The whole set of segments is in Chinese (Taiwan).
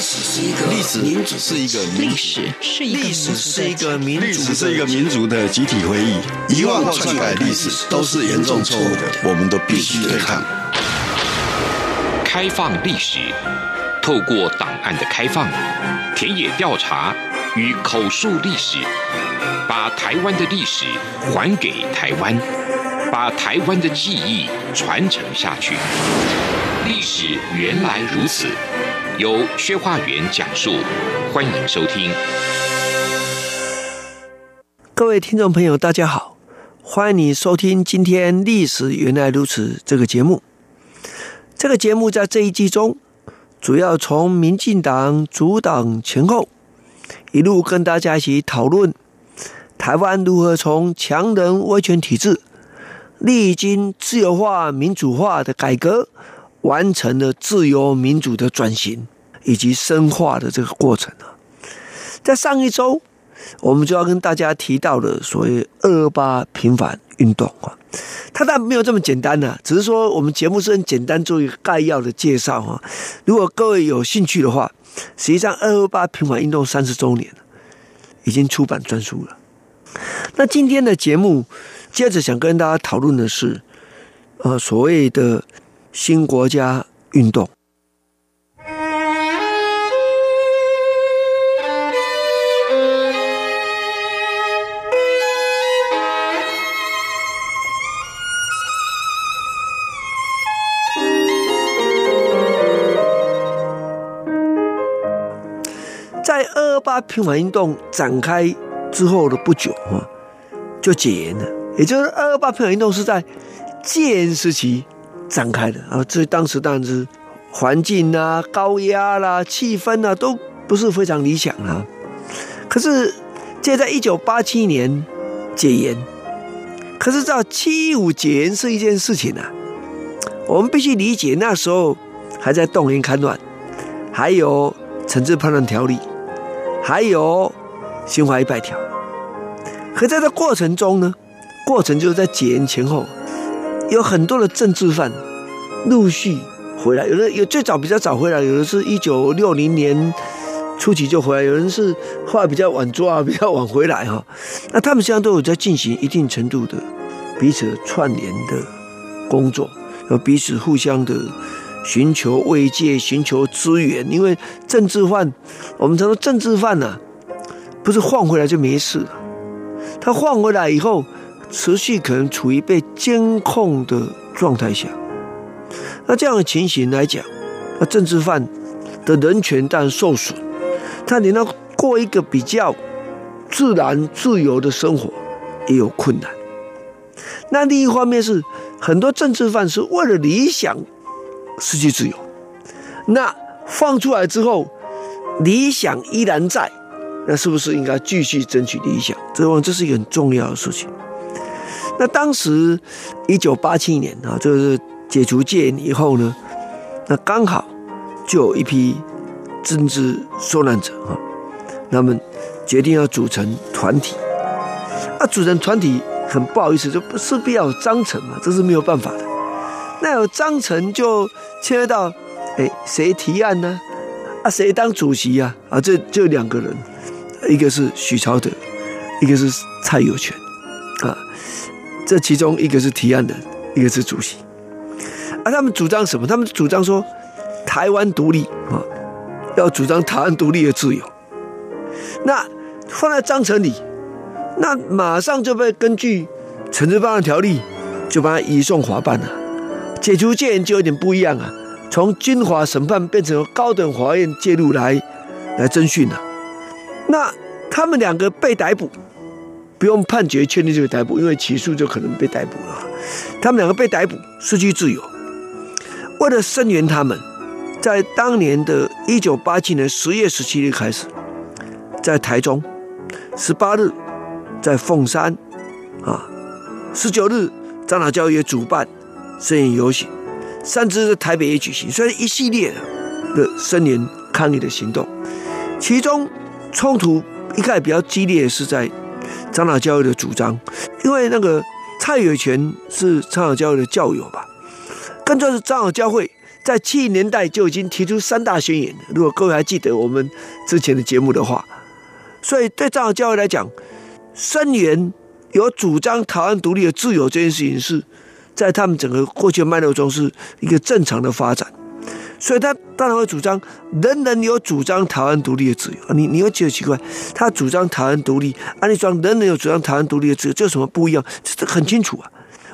歷史是一個民族，歷史,史,史,史,史是一個民族的集體回憶，遺忘或篡改歷史都是嚴重錯誤的，我們都必須對抗。開放歷史，透過檔案的開放、田野調查與口述歷史，把台灣的歷史還給台灣，把台灣的記憶傳承下去。歷史原來如此。由薛化元講述，歡迎收聽。各位聽眾朋友，大家好，歡迎你收聽今天《歷史原來如此》這個節目。這個節目在這一季中，主要從民進黨組黨前後一路跟大家一起討論台灣如何從強人威權體制歷經自由化、民主化的改革。完成了自由民主的轉型以及深化的這個過程啊，在上一周我們就要跟大家提到的所謂“二二八”平反運動啊，它當然沒有這麼簡單了、啊、只是說我們節目是很簡單做一個概要的介紹、啊、如果各位有興趣的話，實際上“二二八”平反運動三十周年、啊、已經出版專書了。那今天的節目接着想跟大家討論的是，呃，所謂的。新國家運動，在二二八平反運動展開之後的不久哈，就解嚴了。也就是二二八平反運動是在戒嚴時期展開的啊，所以當時當然是環境啊、高壓啦、啊、氣氛啊，都不是非常理想啊。可是，這在一九八七年解嚴，可是到七五解嚴是一件事情啊。我們必須理解，那時候還在動員戡亂，還有懲治叛亂條例，還有《刑法一百條》。可在這過程中呢，過程就是在解嚴前後。有很多的政治犯陸續回來，有的有最早比較早回來，有的是一九六零年初期就回來，有人是話比較晚抓，比較晚回來哈。那他們現在都有在進行一定程度的彼此串聯的工作，和彼此互相的尋求慰藉、尋求資源。因為政治犯，我們常說政治犯呢、啊，不是換回來就沒事了，他換回來以後，持續可能處於被監控的狀態下，那這樣的情形來講，那政治犯的人權當然受損，他連到過一個比較自然自由的生活也有困難。那另一方面是，很多政治犯是為了理想失去自由，那放出來之後，理想依然在，那是不是應該繼續爭取理想？這方這是一個很重要的事情。那當時，一九八七年啊，就是解除戒嚴以後呢，那剛好就有一批政治受難者啊，那他們決定要組成團體，啊，組成團體很不好意思，就不，勢必要有章程嘛，這是沒有辦法的。那有章程就牽涉到，哎，誰提案呢？啊？啊，誰當主席啊？啊，這這兩個人，一個是許曹德，一個是蔡有全。這其中一個是提案的，一個是主席，啊，他們主張什麼？他們主張說台灣獨立啊、哦，要主張台灣獨立的自由。那放在章程裡，那馬上就被根據懲治叛亂條例，就把它移送法辦了。解除戒嚴就有點不一樣啊，從軍法審判變成高等法院介入來來偵訊了。那他們兩個被逮捕。不用判決確定就被逮捕，因為起訴就可能被逮捕了。他們兩個被逮捕，失去自由。為了聲援他們，在當年的1987年10月17日開始，在台中18日在，在鳳山啊19日，長老教會也主辦聲援遊行，甚至台北也舉行，所以一系列的聲援抗議的行動。其中衝突一概比較激烈，是在。長老教會的主張，因為那個蔡有全是長老教會的教友吧，更重要是長老教會在七十年代就已經提出三大宣言。如果各位還記得我們之前的節目的話，所以對長老教會來講，聲援有主張台灣獨立的自由這件事情是，是在他們整個過去的脈絡中是一個正常的發展。所以他當然會主張人人有主張台灣獨立的自由。你你會覺得奇怪，他主張台灣獨立，按理說人人有主張台灣獨立的自由，這有什麼不一樣？很清楚啊，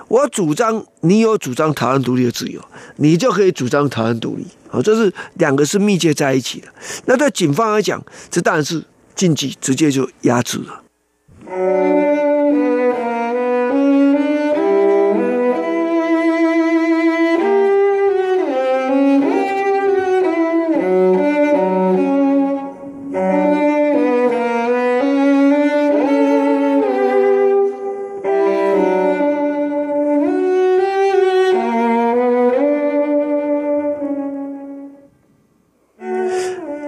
我主張你有主張台灣獨立的自由，你就可以主張台灣獨立。好，這是兩個是密切在一起的。那對警方來講，這當然是禁忌，直接就壓制了。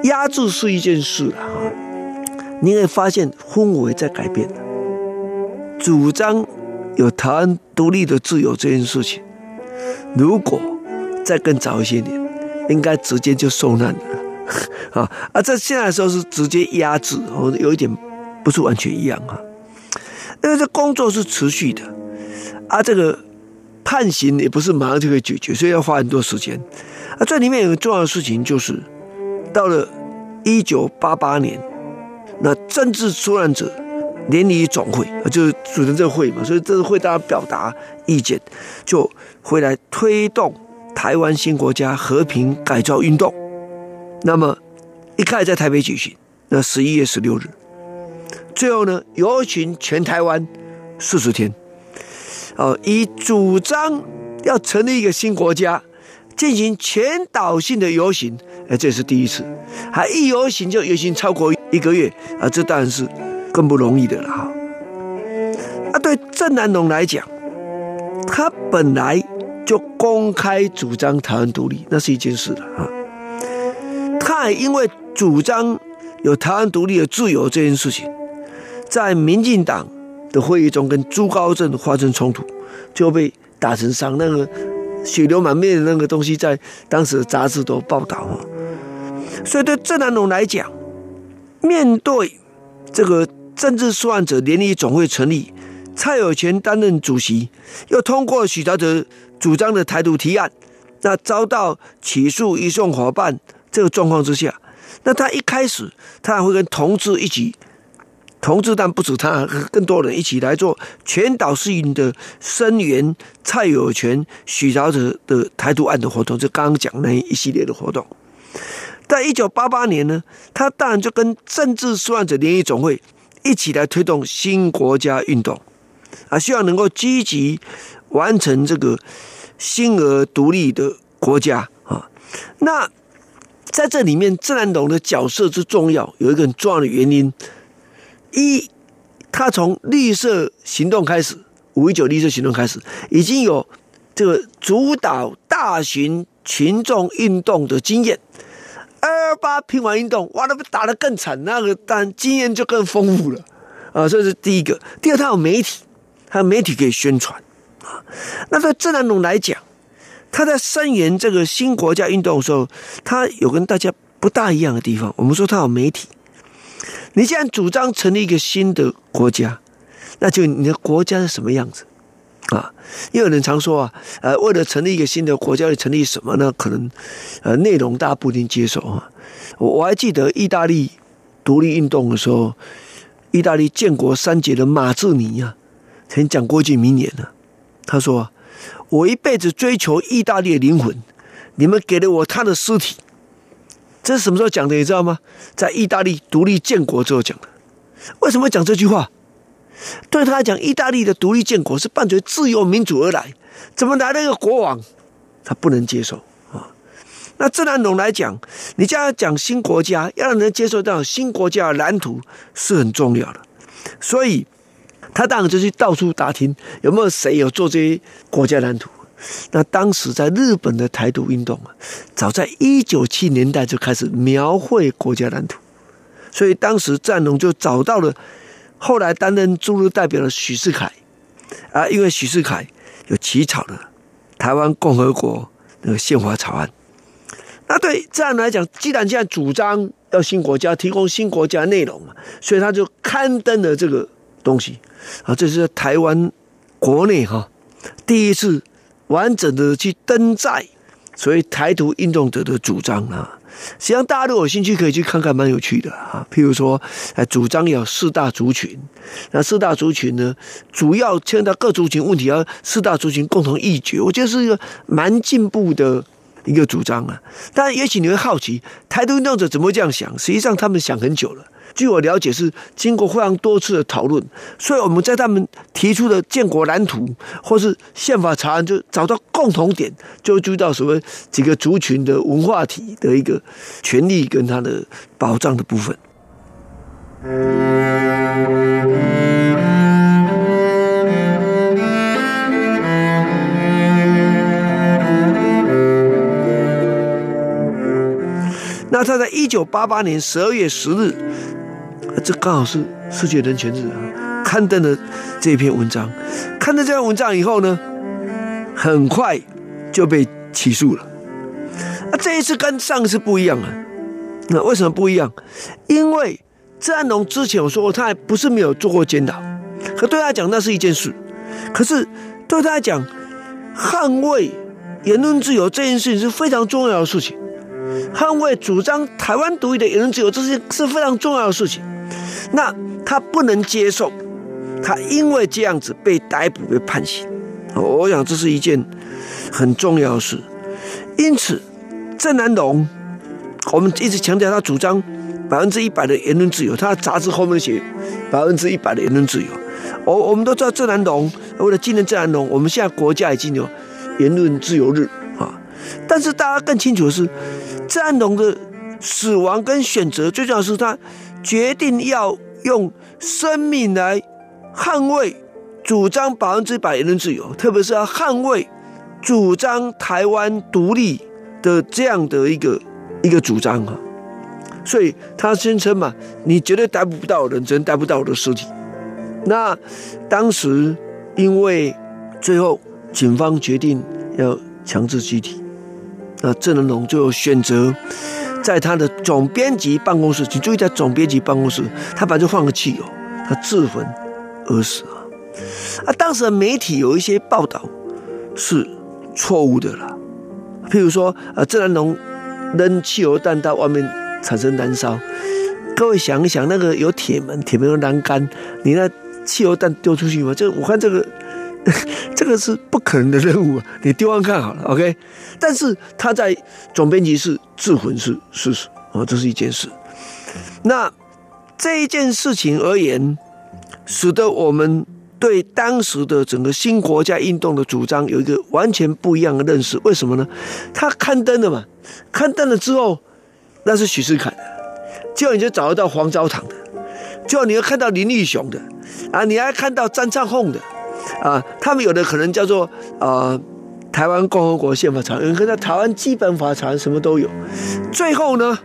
壓制是一件事啊，你會發現氛圍在改變，主張有台灣獨立的自由這件事情，如果再更早一些年，應該直接就受難了。啊。而在現在的時候是直接壓制，我有一點不是完全一樣啊。因為這工作是持續的，啊，這個判刑也不是馬上就可以解決，所以要花很多時間。啊，這裡面有一個重要的事情就是。到了一九八八年，那政治受難者聯誼總會啊，就是組成這個會嘛，所以這個會大家表達意見，就回來推動台灣新國家和平改造運動。那麼一開始在台北舉行，那十一月十六日，最後呢，遊行全台灣四十天，啊，以主張要成立一個新國家。進行全島性的遊行，哎，這也是第一次，還一遊行就遊行超過一個月啊，這當然是更不容易的了。啊，對鄭南榕來講，他本來就公開主張台灣獨立，那是一件事了啊。他也因為主張有台灣獨立的自由這件事情，在民進黨的會議中跟朱高正發生衝突，就被打成傷那個。血流滿面的那個東西，在當時的雜誌都報道了。所以對鄭南榕來講，面對這個政治受難者聯誼總會成立，蔡有全擔任主席，又通過許曹德主張的台獨提案，那遭到起訴移送法辦這個狀況之下，那他一開始他還會跟同志一起。同志，但不止他，更多人一起來做全島適應的聲援蔡有全、許曹德的台獨案的活動，就剛剛講那一系列的活動。在一九八八年呢，他當然就跟政治受難者聯誼總會一起來推動新國家運動，啊，希望能夠積極完成這個新而獨立的國家啊。那在這裡面，鄭南榕的角色之重要，有一個很重要的原因。一，他從綠色行動開始，五一九綠色行動開始，已經有這個主導大型群眾運動的經驗。二八平反運動，哇，那被打得更慘，那個但經驗就更豐富了啊。這是第一個。第二，他有媒體，他有媒體可以宣傳啊。那對鄭南榕來講，他在聲援這個新國家運動的時候，他有跟大家不大一樣的地方。我們說他有媒體。你既然主張成立一個新的國家，那就你的國家是什麼樣子？啊，因為有人常說啊，呃，為了成立一個新的國家，要成立什麼呢？可能，呃，內容大家不一定接受啊。我，我還記得意大利獨立運動的時候，意大利建國三傑的馬志尼啊，曾經講過一句名言呢、啊。他說、啊：“我一輩子追求意大利的靈魂，你們給了我他的屍體。”這是什麼時候講的？你知道嗎？在意大利獨立建國之後講的。為什麼講這句話？對他來講，意大利的獨立建國是伴隨自由民主而來，怎麼來了一個國王，他不能接受啊，哦？那鄭南榕來講，你叫他講新國家，要讓人接受到新國家的藍圖是很重要的。所以，他當然就去到處打聽，有沒有誰有做這些國家藍圖。那當時在日本的台獨運動啊，早在一九七零年代就開始描繪國家藍圖，所以當時戰龍就找到了後來擔任駐日代表的許世凱，啊，因為許世凱有起草了台灣共和國那個憲法草案，那對這樣來講，既然現在主張要新國家，提供新國家內容嘛，所以他就刊登了這個東西，啊，這是台灣國內哈第一次。完整的去登載，所以台獨運動者的主張啊，實際上大家如果有興趣可以去看看，蠻有趣的啊。譬如說，哎，主張有四大族群，那四大族群呢，主要牽到各族群問題，要四大族群共同議決。我覺得是一個蠻進步的一個主張啊。但也許你會好奇，台獨運動者怎麼會這樣想？實際上，他們想很久了。據我了解，是經過非常多次的討論，所以我們在他們提出的建國藍圖或是憲法草案，就找到共同點，就會注意到什麼幾個族群的文化體的一個權利跟它的保障的部分。那他在一九八八年十二月十日。這剛好是世界人權日刊登的這一篇文章。看到這篇文章以後呢，很快就被起訴了。那、啊、這一次跟上一次不一樣啊。那、啊、為什麼不一樣？因為鄭南榕之前我說過他還不是沒有做過檢討，可對他來講那是一件事；可是對他來講捍衛言論自由這件事情是非常重要的事情，捍衛主張台灣獨立的言論自由這件事是非常重要的事情。那他不能接受，他因為這樣子被逮捕、被判刑，我想這是一件很重要的事。因此，鄭南榕我們一直強調他主張百分之一百的言論自由，他的雜誌後面寫百分之一百的言論自由。我我們都知道鄭南榕，為了紀念鄭南榕，我們現在國家已經有言論自由日啊。但是大家更清楚的是，鄭南榕的死亡跟選擇最重要是他。決定要用生命來捍衛主張百分之百言論自由，特別是要捍衛主張台灣獨立的這樣的一個一個主張啊！所以他宣稱嘛，你絕對逮捕不到人，只能逮捕到我的屍體。那當時因為最後警方決定要強制拘提，那鄭南榕就選擇在他的，總編輯辦公室，請注意，在總編輯辦公室，他把這放個汽油，他自焚而死啊！啊，當時的媒體有一些報道是錯誤的啦。譬如說，呃、啊，鄭南榕扔汽油彈到外面產生燃燒，各位想一想，那個有鐵門、鐵門有欄杆，你那汽油彈丟出去嗎？這我看這個呵呵，這個是不可能的任務啊！你丟完看好了，OK。但是他在總編輯室自焚是事實。是這是一件事。那這一件事情而言，使得我們對當時的整個新國家運動的主張有一個完全不一樣的認識。為什麼呢？他刊登了嘛，刊登了之後，那是許世楷的，最後你就找得到黃昭堂的，最後你要看到林義雄的，啊，你還看到張燦鍙的，啊，他們有的可能叫做啊、呃，台灣共和國憲法草案，可能台灣基本法草案什麼都有。最後呢？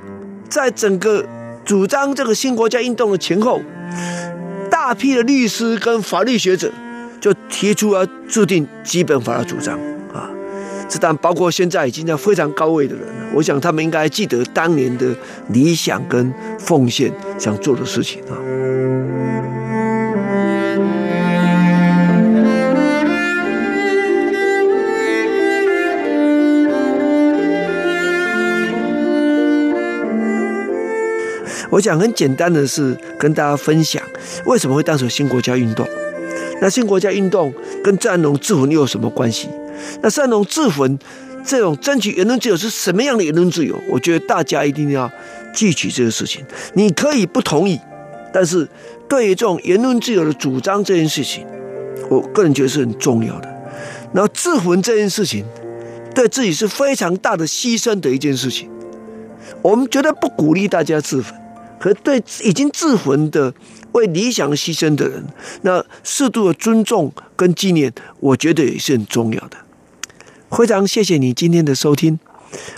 在整個主張這個新國家運動的前後，大批的律師跟法律學者就提出了制定基本法的主張啊。這當包括現在已經在非常高位的人，我想他們應該記得當年的理想跟奉獻，想做的事情啊。我想很簡單的是跟大家分享為什麼會當成新國家運動。那新國家運動跟南榕自焚又有什麼關係？那南榕自焚這種爭取言論自由是什麼樣的言論自由？我覺得大家一定要記取這個事情。你可以不同意，但是對於這種言論自由的主張這件事情，我個人覺得是很重要的。然後自焚這件事情對自己是非常大的犧牲的一件事情，我們絕對不鼓勵大家自焚。和對已經自焚的、為理想犧牲的人，那適度的尊重跟紀念，我覺得也是很重要的。非常謝謝你今天的收聽，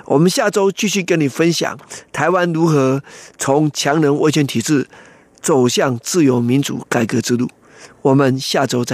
我們下周繼續跟你分享台灣如何從強人威權體制走向自由民主改革之路。我們下周再見。